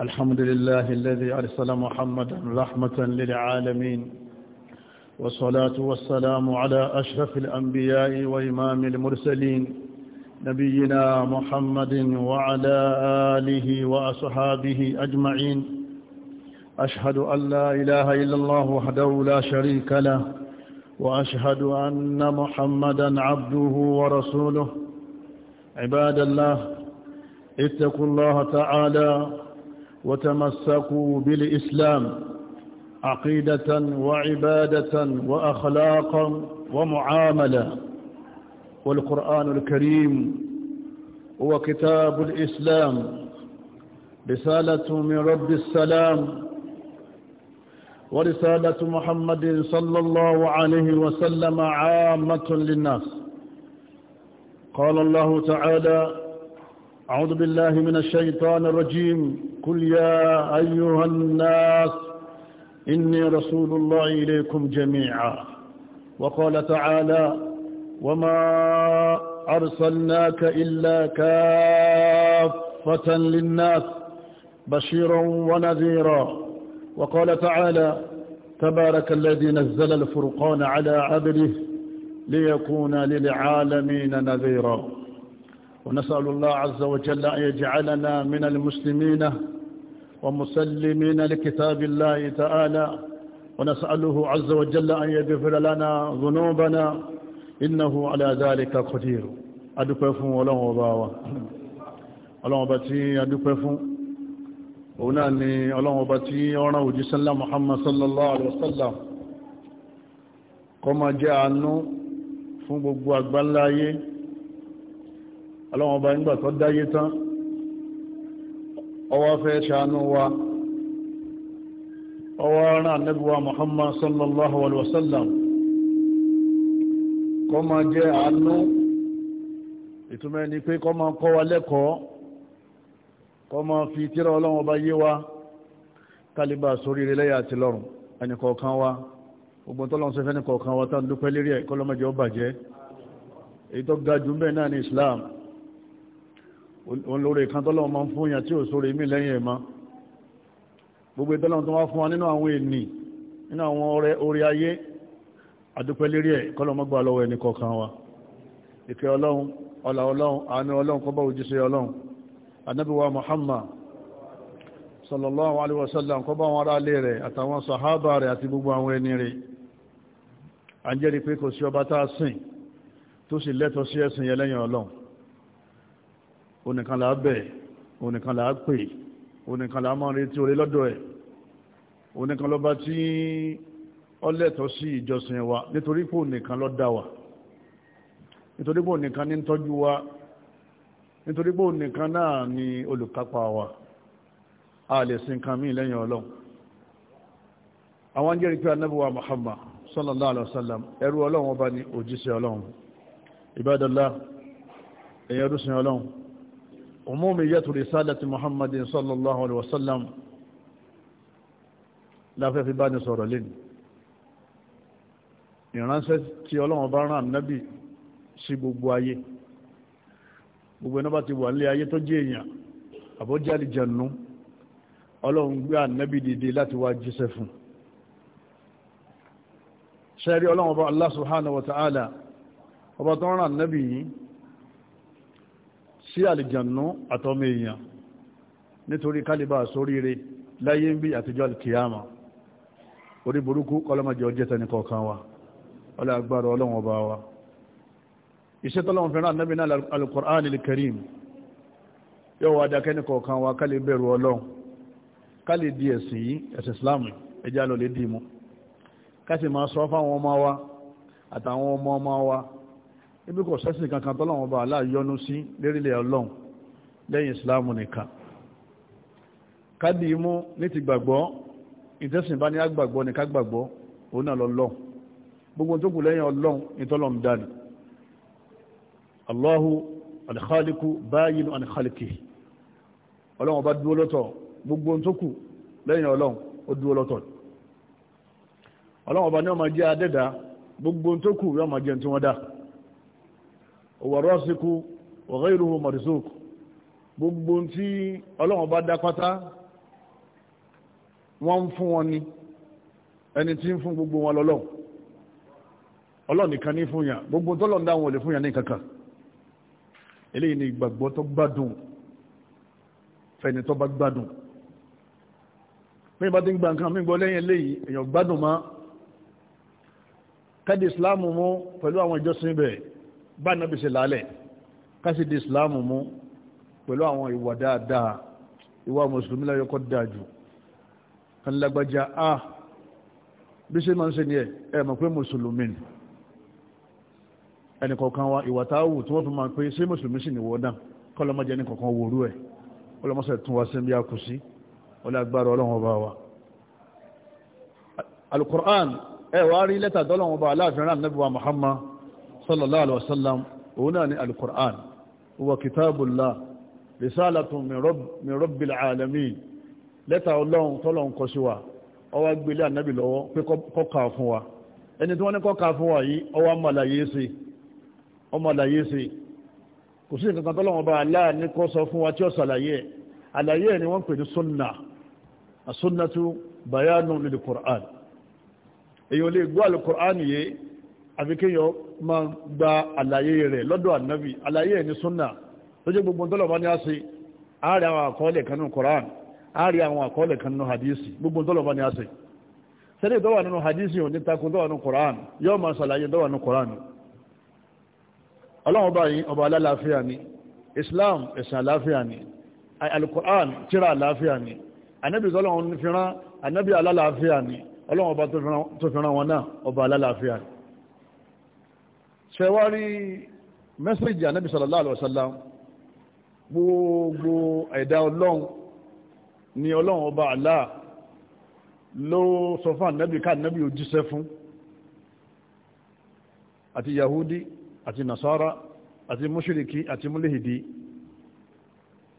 الحمد لله الذي أرسل محمدا رحمة للعالمين والصلاة والسلام على أشرف الأنبياء وإمام المرسلين نبينا محمد وعلى آله وأصحابه أجمعين أشهد أن لا إله إلا الله وحده لا شريك له وأشهد أن محمدا عبده ورسوله عباد الله اتقوا الله تعالى وتمسكوا بالإسلام عقيدة وعبادة وأخلاقا ومعاملة والقرآن الكريم هو كتاب الإسلام رسالة من رب السلام ورسالة محمد صلى الله عليه وسلم عامة للناس قال الله تعالى أعوذ بالله من الشيطان الرجيم قل يا أيها الناس إني رسول الله إليكم جميعا وقال تعالى وما أرسلناك إلا كافة للناس بشيرا ونذيرا وقال تعالى تبارك الذي نزل الفرقان على عبده ليكون للعالمين نذيرا ونسأل الله عز وجل أن يجعلنا من المسلمين ومسلمين لكتاب الله تعالى ونسأله عز وجل أن يغفر لنا ذنوبنا إنه على ذلك قدير adúpẹ́ fún ọlọ́run ọba wa ọlọ́run ọba tí adúpẹ́ fún òun náà ni ọlọ́run ọba tí ọ̀ràn òjísánlá Muhammad sallallahu alaihi wasallam kó máa jẹ́ àánú fún gbogbo àgbáńlá ayé ọlọ́wọ́n ọba nígbà tó dáyé tán ọwọ́ fẹ́ ṣàánú wa ọwọ́ rán anábíwá Muhammad sallallahu alaihi wasallam kọ́ máa jẹ́ àánú ìtumọ̀ ẹni pé kọ́ máa kọ́ wa lẹ́kọ̀ọ́ kọ́ máa fi tírà ọlọ́wọ́n ọba yé wa kálíbà sórí ilẹ̀ àti lọ́rùn ẹni kọ̀ọ̀kan wa ogun tó lọ́nà sẹ́fẹ́ ní kọ̀ọ̀kan wa tán dúpẹ́ lérí ẹ̀kọ́ lọ́mọdé ó bàjẹ́ èyí tó ga jù mẹ́ náà ní Islam òun lórí kan tọ́lọ́wọ́ máa ń fún yàn tí ò sórí mí lẹ́yìn ẹ̀mọ́ gbogbo ìtọ́lọ́wọ́ tó wá fún wa nínú àwọn ènì nínú àwọn orí ayé àdúpẹ́ lérí ẹ̀ kọ́lọ́mọ́gbà lọ́wọ́ ẹni kọ̀ọ̀kan wa ìkẹ́ ọlọ́run ọlà ọlọ́run àánú ọlọ́run kó òjíṣẹ́ ọlọ́run ànábì wa Muhammad sallallahu alaihi wasallam kó bá wọn ará lé rẹ̀ àtàwọn sàhábà rẹ̀ àti gbogbo àwọn ẹni rẹ̀ à ń jẹ́rìí pé kò onìkan là á bẹ̀ onìkan là á pè onìkan là á máa retí orí lọ́dọ̀ ẹ̀ onìkan lọ́ba tí ọlẹ́tọ̀ sí ìjọsìn wa nítorí pé onìkan ló dá wa nítorí pé onìkan ní tọ́jú wa nítorí pé onìkan náà ni olùkápá wa a lè sin kan mí lẹ́yìn ọlọ́run àwọn jẹ́rìí pé anábíwá Muhammad sallallahu alaihi wasallam ẹrú ọlọ́run ọba ni òjíṣẹ́ ọlọ́run ìbádọ́lá èyàn ọlọ́run عمومية رسالة محمد صلى الله عليه وسلم la fẹ́ fi bá ní sọ̀rọ̀ lẹ́nu ìránṣẹ́ tí ọlọ́run bá rán nábì sí gbogbo ayé gbogbo ẹni bá ti wà nílé ayé tó jẹ́ èèyàn àbójáde jẹ̀nu ọlọ́run gbé ànábì dìde láti wá jíṣẹ́ fún ṣẹ́rí ọlọ́run bá Allah subhanahu wa ọba tó rán nábì yìí sí àlìjànú àtọ́mọ èèyàn nítorí kálíbà sóríire láyé ń bí àtijọ́ alkiyama orí burúkú kọlọ́mọjọ jẹ́ta ní kọ̀ọ̀kan wa ọlọ́ agbára ọlọ́wọ̀n ọba wa iṣẹ́ tọ́lọ́wọ̀n fẹ́ràn anábì náà al-Qur'an al-Karim yóò wá dákẹ́ ní kọ̀ọ̀kan wa kálí bẹ̀rù ọlọ́run kálí di ẹ̀sìn yìí ẹ̀sìn Islam ẹjá lọ ibi kò sẹ́sìn kankan tọ́lọ́wọ́n bá aláàyọ́nú sí lérílẹ̀ ọlọ́run lẹ́yìn ìsìláàmù nìkan kádì imú ní ti gbàgbọ́ ìtẹ́sìn bá ní agbàgbọ́ ní kágbàgbọ́ òun náà lọ́lọ́ gbogbo tó kù lẹ́yìn ọlọ́run ìtọ́lọ́m dání Allahu al-Khaliqu báyìí an khaliqihi ọlọ́run bá dúró lọ́tọ̀ gbogbo tó kù lẹ́yìn ọlọ́run ó dúró lọ́tọ̀ ọlọ́run bá ní ọmọ jẹ́ adẹ́dá gbogbo tó kù yọ ọmọ jẹun tí wọ́n dáa òwòrọ́síkú ọ̀gẹ́rùhù mọ̀rìsókù gbogbo tí ọlọ́run bá dá pátá wọ́n ń fún wọn ni ẹni tí ń fún gbogbo wọn lọ́lọ́ ọlọ́run ní fún yàn gbogbo tọ́lọ́run dáwọn olè fún ní kankan eléyìí ni ìgbàgbọ́ tó gbádùn fẹ́ni tó bá gbádùn mẹ́bàá tí ń gba nǹkan mí gbọ́ lẹ́yìn eléyìí èèyàn gbádùn mọ́ kẹ́dì ìsìláàmù mú pẹ̀lú àwọn ìjọsìn bẹ́ẹ̀ bá nàbì ṣe lálẹ̀ kásìdì ìsìláàmù mú pẹ̀lú àwọn ìwà dáadáa ìwà mùsùlùmí láyọ́kọ́ dájú kan lágbájá a bí ṣe máa ń ṣe ní ẹ̀ ẹ̀ mọ̀ pé mùsùlùmí ni ẹnìkọ̀ọ̀kan wa ìwà táwù tí wọ́n fi máa pé ṣé mùsùlùmí sì nìwọ náà kọ́lọ́mọdé ẹnìkọ̀ọ̀kan wòrú ẹ̀ ọlọ́mọsẹ̀ tún wá sí bí a kù sí ọlọ́gbàrọ̀ ọlọ́run ọba wa alukur'an ẹ̀ wá rí lẹ́tà dọ́lọ́run ọba aláàfin rán nàbíwá muhammad sallallahu alaihi wasallam òun náà ni al-Qur'an huwa kitabullah risalatun min rabbil alamin lẹ́tà ọlọ́run tọ́lọ́run kọ sí wa ọwá gbélé ànábì lọ́wọ́ pé kọ́kà fún wa ẹni tí wọ́n ní kọ́kà fún wa yìí ọwá mọ̀láyé sí kò sí nǹkan tọ́lọ́run bá aláà ní kọ́ sọ fún wa tí ó sàlàyé ẹ̀ àlàyé ẹ̀ ni wọ́n pè ní sunna as-sunnatu bayanun lil-Qur'an èyàn lè gbọ́ al àfi kéèyàn máa gba àlàyé rẹ̀ lọ́dọ̀ ànábì àlàyé ẹ̀ ní súnà lójú gbogbo tọ́lọ̀bá ní àṣẹ ààrẹ àwọn àkọọ́lẹ̀ kan nínú koran ààrẹ àwọn àkọọ́lẹ̀ kan nínú hadisi gbogbo tọ́lọ̀bá ní àṣẹ sẹ́dẹ̀ tọ́wà nínú hadisi ò ní takun tọ́wà nínú koran yóò máa ṣàlàyé tọ́wà nínú koran ọlọ́run ọba yìí ọba alálàáfíà ni islam ẹ̀sìn àlàáfíà ni alukoran tíra àlàáfíà ni anábì tọ́lọ́run fi rán anábì alálàáfíà ni ọlọ́run ọba tó fi rán wọn náà ọba alálàáfíà ni ṣẹwárí mẹ́sẹ̀jì ànábì sallallahu alaihi wasallam gbogbo ẹ̀dá ọlọ́run ni ọlọ́run ọba Allah ló sọ fún ànábì ká ànábì ó jíṣẹ́ fún àti yahudi àti nasara àti mushiriki àti mulhidi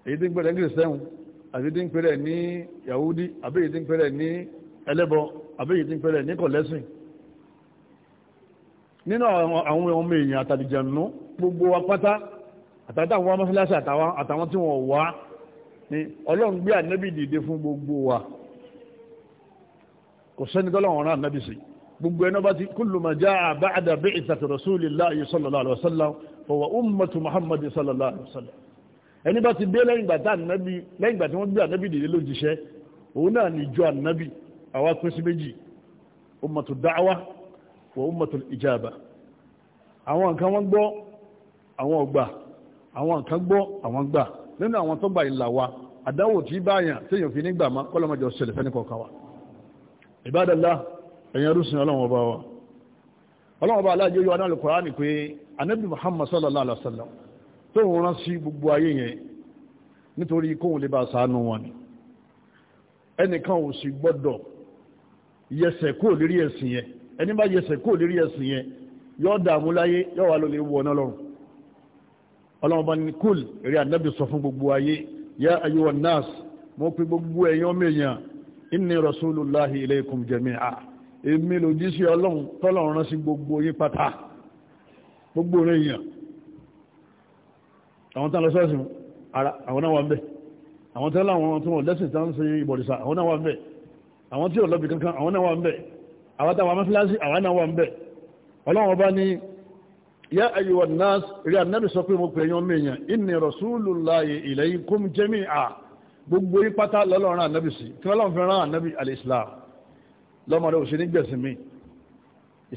èyí tí ń pẹ̀lẹ̀ english sẹ́hùn àbí tí ń pẹ̀lẹ̀ ní yahudi àbí èyí tí ń pẹ̀lẹ̀ ní ẹlẹ́bọ àbí èyí tí ń pẹ̀lẹ̀ ní kọ̀lẹ́sìn nínú àwọn ọmọ èèyàn àtàlìjànú gbogbo wa pátá àtàtàwọn amọ́síláṣì àtàwọn tí wọ́n wá ni ọlọ́run gbé ànábì dìde fún gbogbo wa kò sẹ́ni tọ́lọ́run rán ànábì sí gbogbo ẹni bá ti kullu ma jaa ba'da bi'thati rasulillahi sallallahu alaihi wasallam fa huwa ummatu muhammadin sallallahu alaihi wasallam ẹni bá ti dé lẹ́yìn ìgbà tí wọ́n gbé ànábì dìde lójíṣẹ́ òun náà ni ìjọ ànábì àwa wa ummatul ijaba àwọn nǹkan wọ́n gbọ́ àwọn ọgbà àwọn nǹkan gbọ́ àwọn gbà nínú àwọn tó gbà ìlà wa àdáwò tí báyàn téèyàn fi nígbà má kọ́lọ́mọjọ ṣẹlẹ̀ fẹ́ nìkọ̀ọ̀kan wa ìbádàlá ẹ̀yẹn rúsìn ọlọ́run ọba wa ọlọ́run ọba aláàjẹ́ yóò anáàlù kọ̀ránì pé anábì muhammad sallallahu alaihi wasallam tó ń rán sí gbogbo ayé yẹn nítorí kóhun lè bá ṣàánú wọn ni ẹnìkan ò sì gbọ́dọ̀ yẹsẹ̀ kó lérí ẹ̀sìn yẹn ẹni bá yẹsẹ̀ kó lérí ẹ̀sìn yẹn yóò dààmú láyé yóò wà lórí ewu ọ̀nà lọ́rùn ọlọ́run bá ní kúl eré ànábì sọ fún gbogbo ayé yá ayúwa nas mo pe gbogbo ẹ̀yàn mẹ́yàn inni rasulullahi ilaykum jami'a èmi lòjísí ọlọ́run tọ́lọ́run rán sí gbogbo yín pátá gbogbo rẹ̀ èèyàn àwọn tán lọ sọ́ọ̀sì àwọn náà wà ń bẹ̀ àwọn tán láwọn tí wọ́n lẹ́sìn tán sí ìbọ̀dìsà àwọn náà wà ń bẹ̀ àwọn tí ò lọ́bì kankan àwọn náà wà ń bẹ̀ àwọn táwọn mọ́síláṣí àwọn náà wọ́n bẹ̀ ọlọ́wọ́n bá ní yá ayyuwan nas rí ànábì sọ pé mo pè yán mẹ́yàn inni rasulullahi ilaykum jami'a gbogbo ipátá lọ́lọ́run ànábì sí kí lọ́lọ́run fi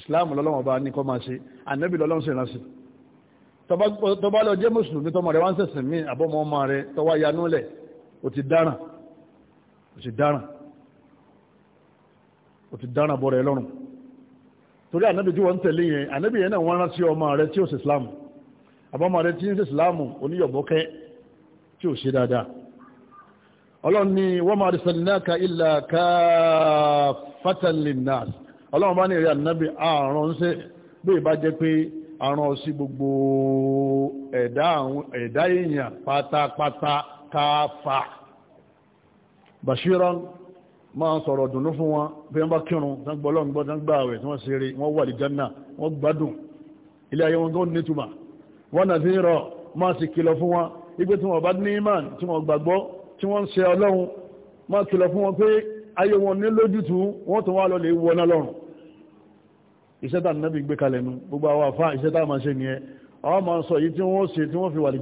islam lọ́mọdé bá ní kọ́ máa ṣe ànábì lọ́lọ́run sì rán sí tọba lọ jẹ́ mùsùlùmí tọmọ rẹ̀ wá ń sẹ̀sìn àbọ́mọ́ ọmọ rẹ̀ tọwá yanúlẹ̀ ò ti dáràn o ti dára bọ̀ rẹ̀ lọ́rùn torí ànábì tí wọ́n ń tẹ̀lé yẹn ànábì yẹn náà wọ́n rán sí ọmọ rẹ̀ tí ó sì islam àbọ́mọ rẹ̀ tí ń sí islam oníyọ̀bọ́kẹ́ tí ó ṣe dáadáa ọlọ́run ni wa ma arsalnaka illa kaffatan linnas ọlọ́run bá ní ìrẹ́ ànábì àrùn ń sẹ́ bí jẹ́ pé àrùn sí gbogbo ẹ̀dá èèyàn pátápátá káfà bashiran máa sọ̀rọ̀ dùnú fún wọn bí wọ́n bá kírun tán gbọ́ lọ́n gbọ́ tán gbà àwẹ̀ tí wọ́n ṣe eré wọ́n wà ní jẹ́nà wọ́n gbádùn ilé ayé wọn tó ní túmà wọ́n nà sí rọ̀ máa sì kìlọ̀ fún wọn ipé tí wọ́n bá ní imán tí wọ́n gbàgbọ́ tí wọ́n ń ṣe ọlọ́run máa kìlọ̀ fún wọn pé ayé wọn ní lójútu wọ́n tó wá lọ lè wọná lọ́rùn iṣẹ́ tá nàbì gbé kalẹ̀ nu gbogbo àwọn àfá iṣẹ́ tá máa ṣe nìyẹn àwọn máa sọ yìí tí wọ́n ṣe tí wọ́n fi wà ní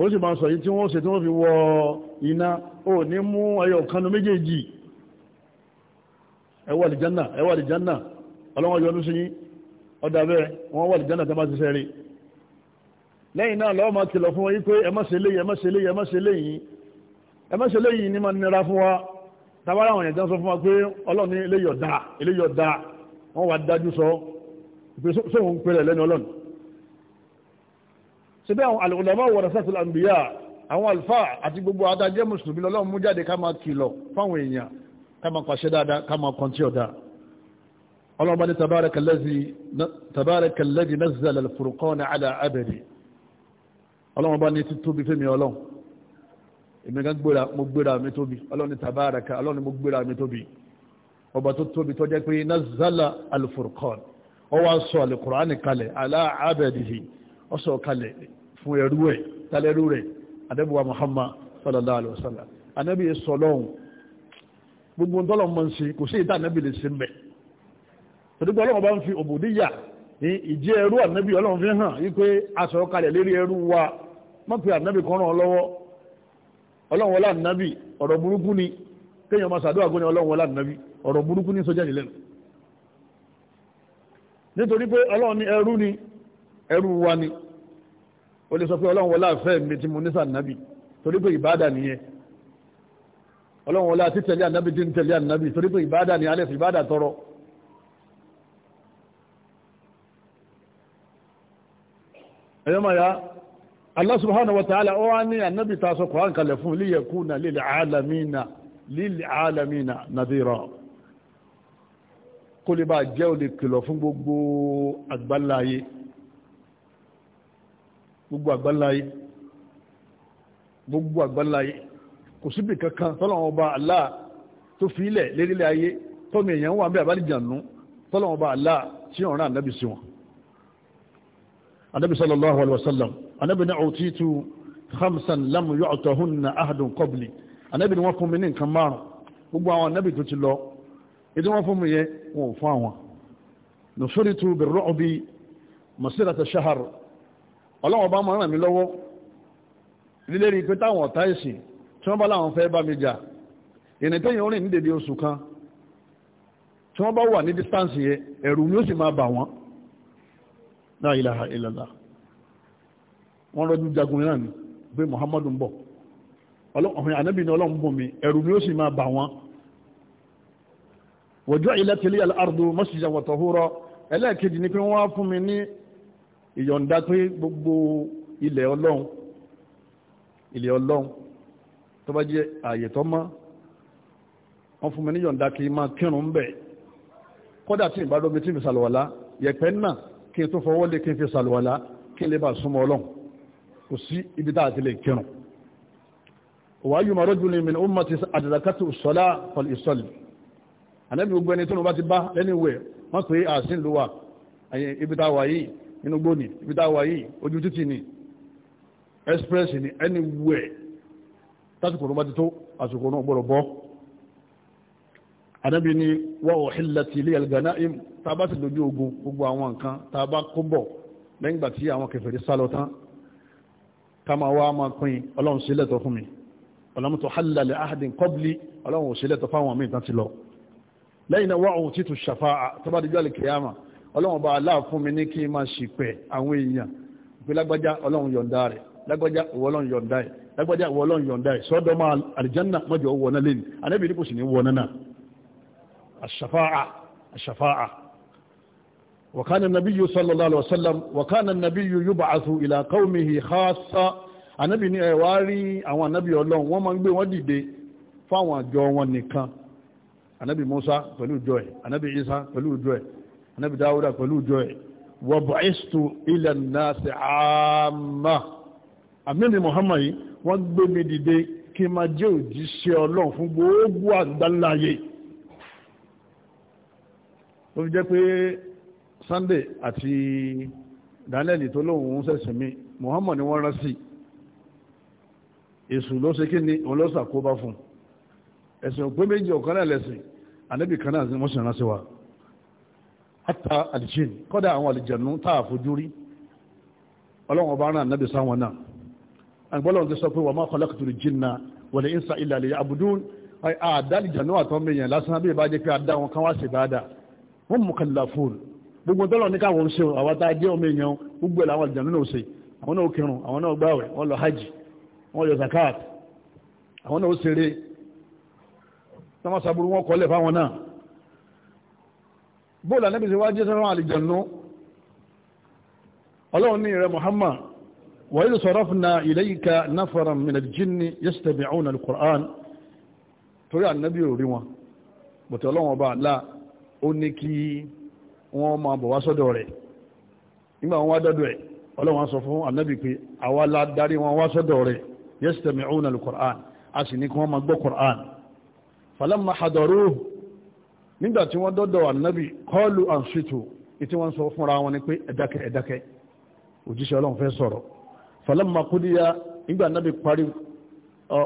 ó sì máa sọ yí tí wọ́n ṣe tí wọ́n fi wọ iná ó ní mú ẹyọ kanu méjèèjì ẹwà àlìjánà ẹwà àlìjánà ọlọ́wọ́n yọ lóṣìí ọdá bẹ́ẹ̀ wọ́n wà àlìjánà tó bá ti sẹ́rí lẹ́yìn náà lọ́wọ́ máa kìlọ̀ fún wọn yí pé ẹ má ṣe léyìí ẹ má ṣe léyìí ẹ má ṣe léyìí ẹ má ṣe léyìí ní wa tabara àwọn ẹ̀jẹ̀ sọ fún wa pé ọlọ́run ní eléyìí ọ̀dà eléyìí ọ̀dà wọ́n wà dájú síbẹ̀ àwọn alùlọ́mọ́ warasatul anbiya àwọn alfa àti gbogbo adájẹ́ mùsùlùmí lọ́lọ́run mú jáde ká máa kìlọ̀ fáwọn èèyàn ká máa pàṣẹ dáadáa ká máa kọntí ọ̀dá ọlọ́run bá ní tabarakalladi nazzala al-furqana ala abdi ọlọ́run bá ní títóbi fẹ́mi ọlọ́run èmi gan gbéra mo gbéra mi tóbi ọlọ́run tabaraka ọlọ́run mo gbéra mi tóbi ọba tó tóbi tó jẹ́ pé nazzala al-furqana ó sọ al kalẹ̀ ala abdihi ọsọ kalẹ̀ fún ẹrú ẹ̀ tàlẹ́rú rẹ̀ adẹ́bùwa Muhammad sallallahu alaihi anabi gbogbo tọ́lọ̀ mọ́ sí kò sí ìta lè sí mẹ́ tòdígbà ọlọ́run bá ń fi òbòdíyà ní ìjẹ́ ẹrú anábì ọlọ́run fi hàn wípé aṣọ kalẹ̀ lérí ẹrú wa mọ́pẹ́ kan ràn lọ́wọ́ ọlọ́run ọ̀rọ̀ burúkú ni kéèyàn máa gbóni ọlọ́run ni nílẹ̀ nítorí ẹrú wa ni ó lè sọ pé ọlọ́run wọlá fẹ́ mi tí mo nísà nábì torí pé ìbáàdà nìyẹn ọlọ́run wọlá títẹ̀lé ànábì tí ń tẹ̀lé ànábì torí pé ìbáàdà ni alẹ́ fi ìbáàdà tọrọ ẹ̀yọ́ máa ya Allah subhanahu wa ta'ala ó wá ní ànábì ta sọ Kùránì kalẹ̀ fún liyakuna lil alamina lil alamina nadira kó lè bá jẹ́ olè kìlọ̀ fún gbogbo àgbáláyé gbogbo àgbáláyé gbogbo àgbáláyé kò síbi kankan tọ́lọ́wọ́n ọba Allah tó fi ilẹ̀ lérílẹ̀ ayé tọ́mì èèyàn wà bí àbálìjànú tọ́lọ́wọ́n ọba Allah tí ọ̀rán ànábì sí wọn ànábì sallallahu alaihi wasallam ànábì ní utitu khamsan lam yu'tahunna ahadun qabli ànábì ni wọ́n fún mi ní nǹkan márùn gbogbo àwọn ànábì tó ti lọ ètò wọ́n fún mi yẹ wọn fún àwọn nusuritu birru'bi masirata shahar ọlọ́wọ́n bá máa ràn mí lọ́wọ́ lílérí pé táwọn ọ̀tá ìsìn tí wọ́n bá láwọn fẹ́ bá mi jà ìrìn tẹ́yìn orin ní dèdè oṣù kan tí wọ́n bá wà ní distance yẹ ẹ̀rù ni ó sì máa bà wọ́n la ilaha illallah wọ́n rọ́jú jagun náà ni pé Muhammadu ń bọ̀ ọlọ́run ànábì ni ọlọ́run bùn mi ẹ̀rù ni ó sì máa bà wọ́n wọ́jọ́ ilẹ̀ tẹ́lẹ̀ al-ardu ìyọ̀ǹda pé gbogbo ilẹ̀ ọlọ́run ilẹ̀ ọlọ́run tó bá jẹ́ ààyè tó mọ́ wọ́n fún mi ní yọ̀ǹda kí n máa kírun bẹ̀ kódà tí ìbádọ́mi tí mi sàlùwàlá yẹ̀pẹ́ náà kí n tó fọwọ́ lé kí n fi sàlùwàlá kí n lè bá súnmọ́ ọlọ́run kò sí ibi tá a ti lè kírun wàáyù màá rọ́jú ni min ummati àdàdàkàtì sọ́lá pọ̀lì ìsọ́lì àlẹ́bí gbogbo ẹni tó ń bá ti bá lẹ́ni wẹ̀ wọ́n pè é àsìn ibi tá a wà yìí inú gbóni ibi tá a wà yìí ojú títì ni express ni anywhere tásìkò náà bá ti tó àsìkò náà gbọ́dọ̀ bọ́ anábì ni wọ́n ò hìlẹ̀ tí ilé ẹ̀lgànà im tá a bá ti dojú ogun gbogbo àwọn nǹkan tá a bá kó bọ̀ lẹ́yìn ìgbà tí àwọn kèfèrí sálọ tán ká máa wá máa pín ọlọ́run sílẹ̀ tó fún mi ọlọ́run tó hàlẹ̀ lẹ́ àhàdín kọ́bílì ò sílẹ̀ tó fáwọn míì tán ti lọ lẹ́yìn náà wọ́n ò títù ṣàfà tó bá dijú àlè kìyàmà ọlọ́run bá aláà fún mi ní kí n máa ṣìpẹ̀ àwọn èèyàn pé lágbájá ọlọ́run yọ̀ǹda rẹ̀ lágbájá ìwọ ọlọ́run yọ̀ǹda ẹ̀ lágbájá ìwọ ọlọ́run yọ̀ǹda ẹ̀ sọ́dọ̀ máa àlìjánà mọ́jọ wọ náà lẹ́nu anábì ní kò sì ní wọ náà àṣàfáà àṣàfáà وكان النبي صلى الله عليه وسلم وكان النبي يبعث الى قومه خاصه anábì ní ẹ̀wárí àwọn anábì ọlọ́run wọ́n máa ń gbé wọ́n dìde fáwọn àjọ wọn nìkan anábì Musa pẹ̀lú ìjọ ẹ̀ anábì Isa pẹ̀lú ìjọ ẹ̀ anábì dáwúdà pẹ̀lú ìjọ ẹ̀ wa bu'istu ila an-nasi 'amma àmìnì muhammad yìí wọ́n gbé mi dìde kí n máa jẹ́ òjíṣẹ́ ọlọ́run fún gbogbo àgbáláyé ó fi jẹ́ pé sunday àti daniel tó lóun ń ṣẹ̀sìn mi muhammad ni wọ́n rán sí èṣù ló ṣe kí ni òun ló ṣàkóbá fún ẹ̀sìn òpé méjì ọ̀kan náà lẹ̀sìn ànábì kan náà wọ́n sì rán sí wa hata aljin kọ́dá àwọn àlìjẹ̀nú táà fojú rí ọlọ́run ọba náà nábi sáwọn náà agbọ́lọ́run ti sọ pé wà máa khalaqtul jinna wal insa illa liya'budun àdálìjẹ̀nú àtọ́mẹyàn lásán bí ìbá jẹ́ pé àdá wọn kan wá sí dáadáa wọ́n mukallafun gbogbo tọ́lọ̀ ní káwọn ṣe àwọn tá a jẹ́ ọmọ èèyàn gbogbo àwọn àlìjẹ̀nú náà ṣe àwọn náà kírun àwọn náà gbáwẹ̀ wọ́n lọ hajj wọ́n yọ zakat àwọn náà ṣeré tọ́mọ́sàbúrú wọn kọ́lẹ̀ fáwọn náà bóòlù ànábì ṣe wá jẹ́ sọ́rọ̀ àlìjànú ọlọ́run ní ìrẹ Muhammad wa idh sarafna ilayka nafaran min al-jinni yastami'una al-Qur'an torí ànábì ò rí wọn bọ̀tẹ̀ ọlọ́run ọba àlá ó ní kí wọ́n máa bọ̀ wá sọ́dọ̀ rẹ̀ nígbà wọn wá dọ́dọ̀ ẹ̀ ọlọ́run sọ fún ànábì pé àwa la darí wọn wá sọ́dọ̀ rẹ̀ yastami'una al-Qur'an a sì ní kí wọ́n máa gbọ́ nígbà tí wọ́n dọ́dọ̀ ànábì kọ́ọ̀lù àǹṣìtò ìtí wọ́n sọ fúnra wọn ni pé ẹ̀dákẹ́ ẹ̀dákẹ́ òjíṣẹ́ ọlọ́run fẹ́ sọ̀rọ̀ falamma qudiya nígbà ànábì parí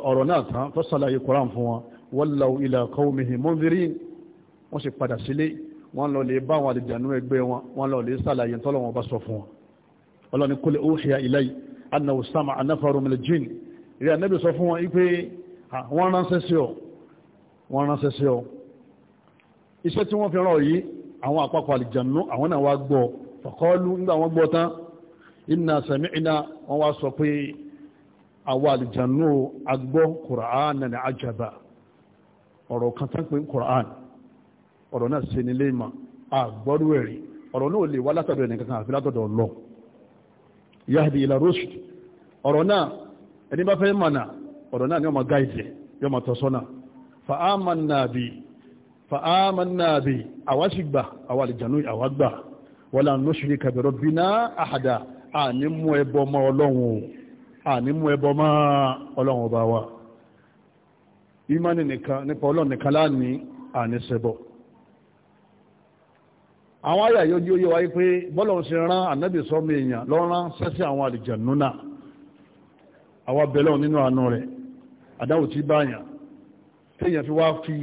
ọ̀rọ̀ náà tán tó sàlàyé koran fún wọn wallaw ila qawmihi munzirin wọ́n sì padà sílé wọ́n lọ lè bá àwọn àlìjànú ẹgbẹ́ wọn wọ́n lọ lè sàlàyé tọ́lọ́wọ́n bá sọ fún iṣẹ́ tí wọ́n fi rán yìí àwọn àpapọ̀ àlìjànú àwọn náà wá gbọ́ fọ̀kọ́lù nígbà wọ́n gbọ́ tán inna sami'na wọ́n wá sọ pé àwọn àlìjànú agbọ́ àjàbà ọ̀rọ̀ kan tán pé kùrán ọ̀rọ̀ náà ṣe nílé ìmọ̀ àgbọ́rú ẹ̀rí ọ̀rọ̀ náà lè wá látọ̀dọ̀ kankan àfi látọ̀dọ̀ lọ yahdi ila ọ̀rọ̀ náà ẹni bá fẹ́ mọ̀nà ọ̀rọ̀ náà ni ọmọ gáìdì yọmọ fa'amanna bi àwa sì gbà àwa àlìjànú àwa gbà wala nushrika bi rabbina ahada àní mú ẹbọ mọ́ ọlọ́run àní mú ẹbọ mọ́ ọlọ́run ọba wa ìmánì nìkan nípa ọlọ́run nìkan láàní àní ṣẹbọ àwọn àyà yóò yóò wáyé pé bọ́lọ̀ ṣe rán ànábì sọ́mọ èèyàn lọ́rán sẹ́sẹ́ àwọn àlìjànú náà àwọn abẹ́lọ́ nínú àánú rẹ̀ àdáwò tí báyàn téèyàn fi wá fi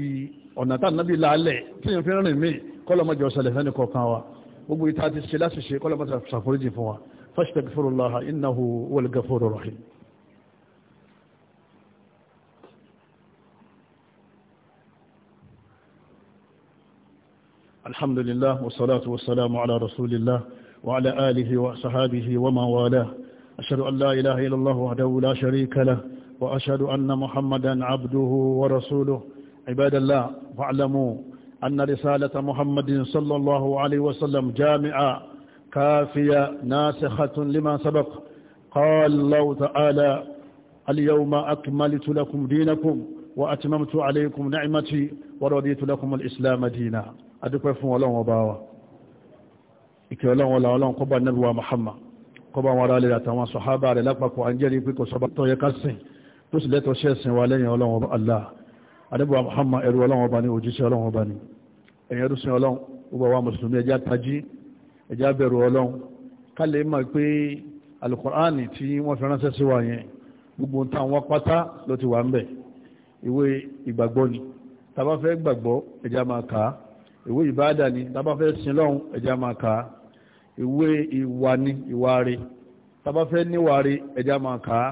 ọ̀nà tá nàbí làálẹ̀ tí yẹn fi rìn mí kọ́lọ́mọjọ ṣẹlẹ̀ fẹ́ni kọ̀ọ̀kan wa gbogbo ìta ti ṣe láti ṣe kọ́lọ́mọjọ ṣàforíjì fún wa fastagfirullaha innahu huwal ghafurur rahim alhamdulillah wasalatu wasalamu ala rasulillah wa ala alihi wa sahabihi wa man wala ashhadu an la ilaha illallah wahdahu la sharika lah wa ashhadu anna muhammadan abduhu wa rasuluhu عباد الله فاعلموا أن رسالة محمد صلى الله عليه وسلم جامعة كافية ناسخة لما سبق قال الله تعالى اليوم أكملت لكم دينكم وأتممت عليكم نعمتي ورضيت لكم الإسلام دينا أدكوا فهم الله وباوا إكي الله ولا الله قبى النبي محمد قبى ورالي لاتوا صحابة للأقبك وأنجري بك وصبتوا يكسي تسلتوا شيسي ولين الله adébọ̀wà Muhammad ẹrù ọlọ́run ọba ní òjíṣẹ́ ọlọ́run ọba ní ẹ̀yìn ẹrùsìn ọlọ́run gbogbo àwọn mùsùlùmí ẹjá tají ẹjá bẹ̀rù ọlọ́run ká lè mọ̀ pé alukur'ani tí wọ́n fi ránṣẹ́ sí wa yẹn gbogbo táwọn pátá ló ti wà ń bẹ̀ ìwé ìgbàgbọ́ ni tàbá fẹ́ gbàgbọ́ ẹjá máa kà á ìwé ìbáàdà ni tàbá fẹ́ sin lọ́run ẹjá máa kà ìwé ìwà ni ìwà rẹ tàbá fẹ́ níwà rẹ ẹjá máa kà á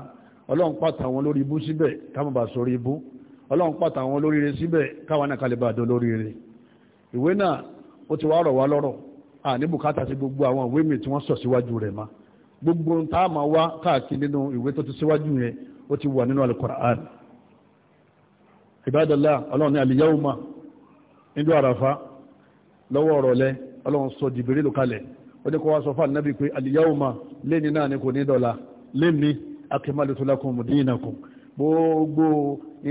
ọlọ́run pàtàwọn lórí ibú síbẹ̀ ká má ibú ọlọ́run pàtà àwọn olóríire síbẹ̀ káwọn náà kalẹ̀ bá dán olóríire ìwé náà ó ti wá rọ̀ wá lọ́rọ̀ à ní bùkátà gbogbo àwọn ìwé mi tí wọ́n sọ síwájú rẹ̀ ma gbogbo ń tá a máa wá káàkiri nínú ìwé tó ti síwájú yẹn ó ti wà nínú alukur'an ìbádọ́lá ọlọ́run ní àràfá lẹ ọlọ́run sọ jìbìrì lù kalẹ̀ ó ní kó wá sọ fún ànábì pé aliyahuma lẹ́ni náà ni kò ní dọ̀la lẹ́ni gbogbo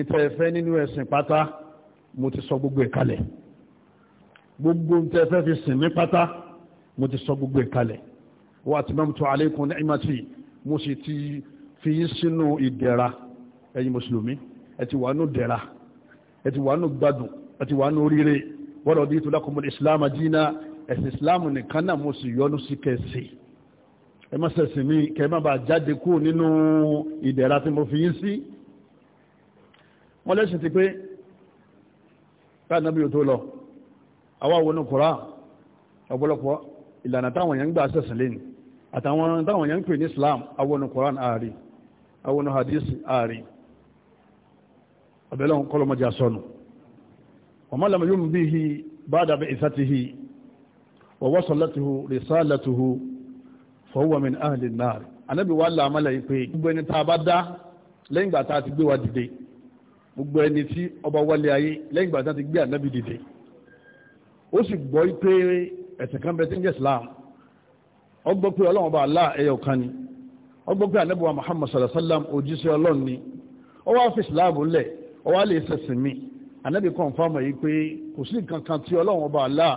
ìtẹ̀ẹ̀fẹ́ nínú ẹ̀sìn pátá mo ti sọ gbogbo ìkalẹ̀ gbogbo ìtẹ̀ẹ̀fẹ́ fi sìn mí pátá mo ti sọ gbogbo ìkalẹ̀ wa atmamtu alaykum ni'mati mo sì ti fi yín sínú ìdẹ̀ra ẹ̀yin mùsùlùmí ẹ ti wà nù dẹ̀ra ẹ ti wà nù gbádùn ẹ ti wà nù oríire wa raditu lakumul islam dina ẹ̀sìn islam nìkan náà mo sì yọ́nú sí kẹsì ẹ má ṣẹ̀sìn mi kẹ má bàa jáde kú nínú ìdẹ̀ra tí mo fi yín sí wọ́n lẹ́sìn ti pé káàdínàbí ò tó lọ àwa wo ní kura ọ̀pọ̀lọpọ̀ ìlànà táwọn èèyàn ń gbà sẹ̀sìn lẹ́nu àtàwọn táwọn èèyàn ń pè ní Islam àwọn ní Quran ààrí àwọn ní hadith ààrí ọ̀bẹ̀lẹ̀ kọlọmọdé asọ́nù ọmọ lẹ́mọ̀ yóò bí i bá dàbẹ̀ ìsátihì wọ́wọ́sọ̀lẹ́tìhù rìsálẹ̀tìhù fọwọ́min ahìlì náà anábíwá làmọ́lẹ̀ ìpè gbogbo ẹni tá a bá dá lẹ́yìn gbà tá a ti gbé wa dìde gbogbo ẹni tí ọba wálé ayé lẹ́yìn ìgbà tí wọ́n ti gbé ànábì dìde ó sì gbọ́ pé ẹ̀sìn kan bẹ tí ń jẹ́ Islam ó gbọ́ pé ọlọ́run ọba Allah ẹyọ kan ni ó gbọ́ pé ànábì wa Muhammad sallallahu alaihi wasallam òjíṣẹ́ ọlọ́run ni ó wá fi Islam lẹ̀ ó wá lè ṣẹ̀sìn mi ànábì kan fáwọn yìí pé kò sí nǹkan kan tí ọlọ́run ọba Allah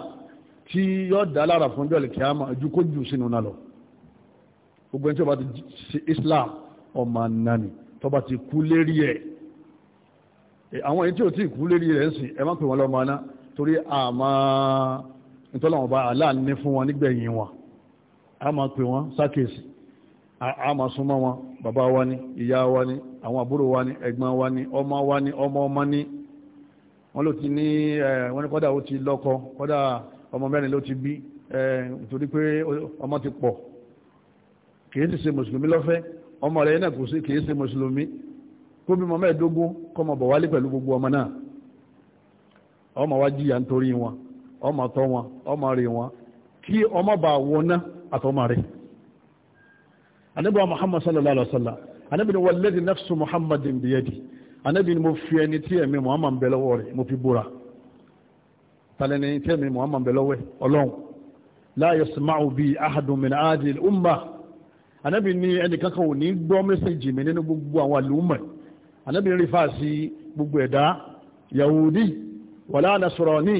tí yóò dá lára fún ọjọ́ ìlẹ̀kẹ́ àmọ́ ju kó jù sínú náà lọ gbogbo ẹni tí ọba ti Islam ọmọ nani tọba àwọn èyí tí ò tí ìkú lérí rẹ̀ ń sìn ẹ má pè wọn lọ́mọ aná torí àmà ìtọ́lọ́wọ̀n bá aláàní fún wọn nígbẹ̀yìn wọn a máa pè wọn sákèsì a máa súnmọ́ wọn bàbá wa ni ìyá wa ni àwọn àbúrò wa ni ẹ̀gbọ́n wa ni ọmọ wa ni ọmọ ọmọ ni wọ́n ló ti ní wọ́n ní kọ́dà ó ti lọ́kọ kọ́dà ọmọ mẹ́rin ló ti bí torí pé ọmọ ti pọ̀ kìí ti ṣe mùsùlùmí lọ́fẹ́ ọmọ rẹ̀ náà kò sí ṣe mùsùlùmí kó bímọ mẹ́ẹ̀ẹ́dógún kọ́ mọ̀ bọ̀ wálé pẹ̀lú gbogbo ọmọ náà ọmọ wá jìyà nítorí wọn ọmọ tọ́ wọn ọmọ rè wọn kí ọmọ bá wọná àtọmọ rẹ̀ anábìwá muhammad sallallahu alaihi wa sallam anábìwá walladhi nafsu muhammadin biyadi anábìwá mo fi ẹni tí ẹ̀mí muhammad bẹ lọ́wọ́ rẹ̀ mo fi búra tàlẹ́ni tí ẹ̀mí muhammad bẹ lọ́wọ́ ọlọ́run la yasma'u bi ahadun min adil umma anábìwá ni ẹnìkan kan ò ní gbọ́ mẹ́sẹ̀jì mi nínú gbogbo àwọn àlùmọ̀ anábì rí fà sí gbogbo ẹ̀dá yahudi wàlá nasọ̀rọ̀ ní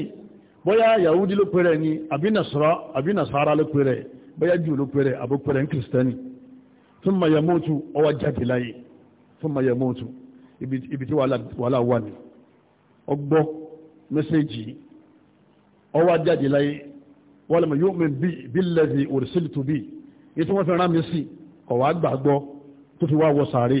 bóyá yahudi ló pẹ̀rẹ̀ ni àbí nasọ̀rọ̀ àbí nasara ló pẹ̀rẹ̀ bóyá jù ló pẹ̀rẹ̀ àbó pẹ̀rẹ̀ ní kìrìsìtẹ́nì thumma yamutu ọwọ́ jáde láyé thumma yamutu ibi tí wàhálà wà ní ọgbọ́ mẹ́sẹ̀jì ọwọ́ jáde láyé wọ́n lọ́mọ yóò mẹ́bí bí lẹ́dí òrìṣìlì tó bí ètò wọ́n fẹ́ rán mi sí ọ̀wọ́ àgbàgbọ́ tó fi wá wọ sàárè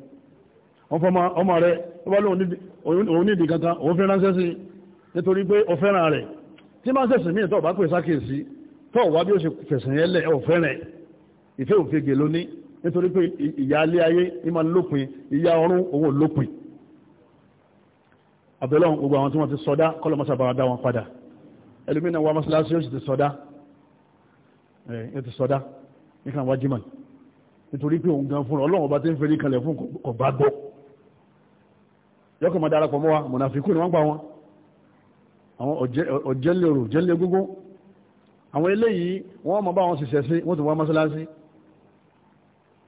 wọ́n fọ́ ọmọ rẹ̀ tó bá lóun nídìí kankan òun fi ránṣẹ́ sí nítorí pé ó fẹ́ràn rẹ̀ tí máa sẹ̀sìn míì tó bá pè sákèsí tó wá bí ó ṣe fẹ̀sìn yẹn lẹ̀ ó fẹ́ràn ìfẹ́ òfegè lóní nítorí pé ìyà alẹ́ ayé ìmọ̀ lópin ìyà ọ̀run owó lópin àbẹ̀lọ́n gbogbo àwọn tí wọ́n ti sọdá kọlọmọsà bàrà dá wọn padà ẹlòmínà wa mọ́sálásí ó sì ti sọdá ẹ̀ ti wájímọ̀ nítorí pé òun gan fún ọlọ́run ọba tí ń fẹ́rí kalẹ̀ fún kò yọ́kọ̀ mọ́ darapọ̀ mọ́ wa mọ̀nàfikù ni wọ́n gbà wọn àwọn ọ̀jẹ́lẹ̀ òrò jẹ́lẹ̀ gbogbo àwọn eléyìí wọ́n mọ̀ bá wọn sì sẹ̀sí wọ́n ti wá mọ́sálásí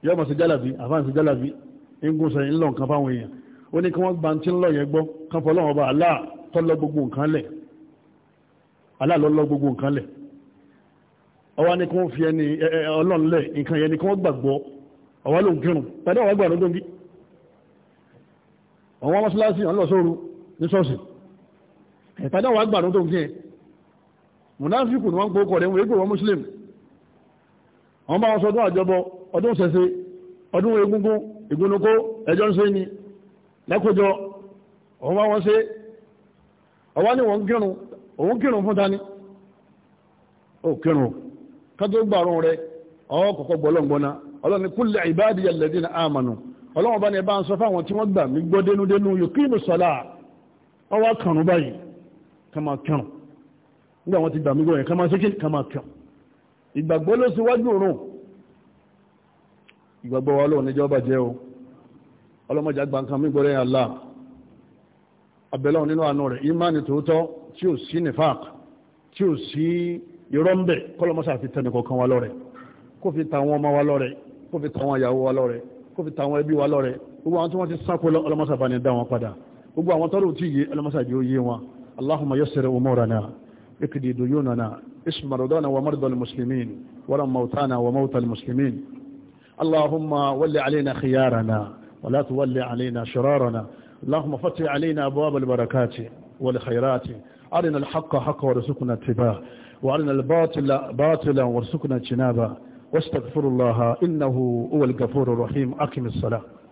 yọ́ mọ̀ sí jálàbí àfáàǹsì jálàbí ingun sọ ìlọ nǹkan fáwọn èèyàn ó ní kí wọ́n gba tí ń lọ yẹn gbọ́ kan fọ́ lọ́wọ́ bá aláà tọ́lọ gbogbo nǹkan lẹ̀ ọwá ní kí wọ́n fi ẹni ọlọ́run nǹkan yẹn ni kí wọ́n gbàgbọ́ ọwá ló pẹ̀lú àwọn gbàgbọ́ ọ̀wọ́n mọ́sálásí ọ̀nlọ́ sóru ní ṣọ́ọ̀ṣì ìpàdé àwọn agbàdún tó ń kí ẹ mùnáfíkù ni wọ́n ń pò kọ̀ nwere égbò wọn muslim wọ́n bá wọn sọ ọdún àjọbọ ọdún sẹsẹ ọdún egungun ìgúnnukó ẹjọ́ ń ni wọn ṣe ọwọ́ ni wọ́n kírun òun kírun fún ọlọ́wọ́n bá ní ẹbá ń sọ fáwọn tí wọ́n gbà mí gbọ́ dénúdénú yòókìmù sọ́lá ọwọ́ kàrún báyìí kàmà kẹrùn nígbà wọn ti gbà mí gbọ́ yẹn kàmà sékè kàmà kẹrùn ìgbàgbọ́ ló síwájú òrùn ìgbàgbọ́ wa lọ́wọ́ níjọ́ bá jẹ́ o ọlọ́mọdé àgbà nǹkan mí gbọ́rẹ́ àlá abẹ́lọ́wọ́ nínú àánú rẹ̀ ìmánì tòótọ́ tí ò sí nifaq tí ò sí irọ́ ń fi tàwọn kó fi tàwọn ẹbí wa lọ́rẹ gbogbo àwọn tí wọ́n ti sáko ọlọ́mọsà bá ní dá wọn padà gbogbo àwọn tọ́lù tí yé ọlọ́mọsà jẹ́ òye wọn allahumma yassir umurana ikdi duyunana ism maradana wa marada almuslimin wala mautana wa mauta almuslimin allahumma walli alaina khiyarana ولا تولي علينا شرارنا اللهم فتح علينا أبواب البركات والخيرات أرنا الحق حقا وارزقنا اتباعه وأرنا الباطل باطلا وارزقنا اجتنابه واستغفر الله إنه هو الغفور الرحيم أقم الصلاة